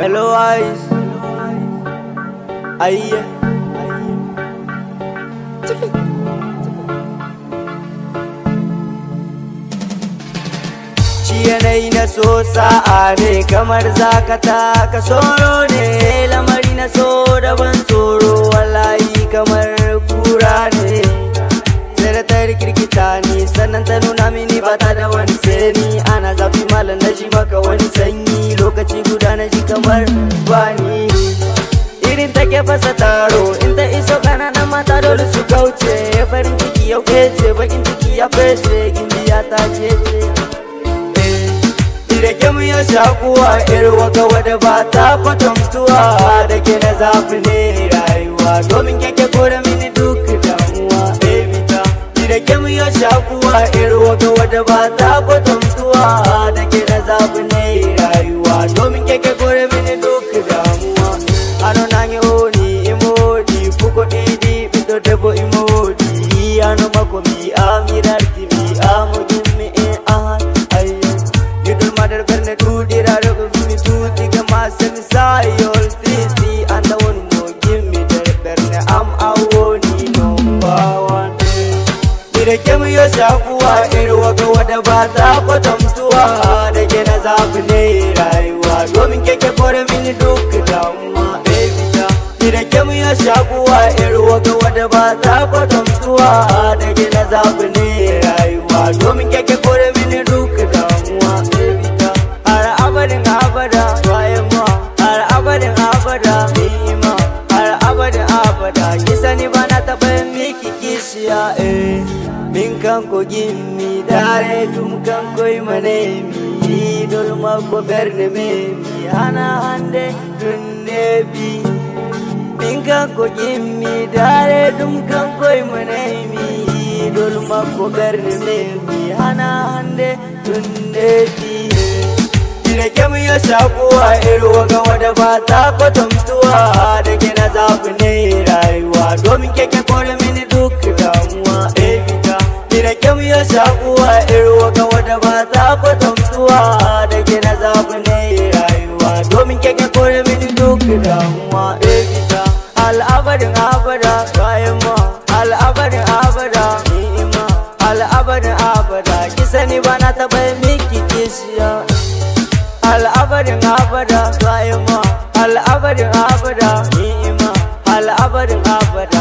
Hello eyes. Aye. yanayi na so sa'a ne kamar zakata ka soro ne lamari na so da ban tsoro wallahi kamar kura ne saratar kirkita ne sannan ta nuna mini ba ta da wani sani ana zafi malam na shi maka wani sanyi na ji kamar bani irin take fasa taro in ta iso na mata dole su kauce farin ciki ya kece bakin ciki ya fece gimbiya ta cece eh, Irake mu ya shakuwa irwa waka wadda ba ta kwatamtuwa da ke na zafi ne rayuwa domin keke kore mini duk damuwa. Irake mu ya shakuwa irwa waka wadda ba ta kwatamtuwa inside your city and the one who ba ta kwatamtuwa da ke na zafi ne rayuwa domin keke kore mini duk damuwa baby Dirke kemu yo shakuwa irwa ga wada ba ta kwatamtuwa da ke na zafi ne rayuwa domin keke kore ki sani ba na taɓa miki kishiya eh min kan ko gimmi dare dum kan koy mane mi dol ma ko berne me mi ana hande dunne bi min kan ko gimmi dare dum kan koy mane mi dol ma ko berne me mi ana hande dunne bi Rake mu ya shakuwa irin waga wadda ba ta kwatamtuwa da gina zafi ne rayuwa domin keke kore mini duk damuwa evita eh. gina kyau ya shakuwa irwa ga wadda ba za ku tamtuwa da gina zafi ne rayuwa domin keke kore mini duk damuwa evita eh. al'abarin abada rayuwa al'abarin abada ni'ima al'abarin abada ki sani ba na taɓa miki kishiya al'abarin abada rayuwa al'abarin abada ni'ima الابر الابر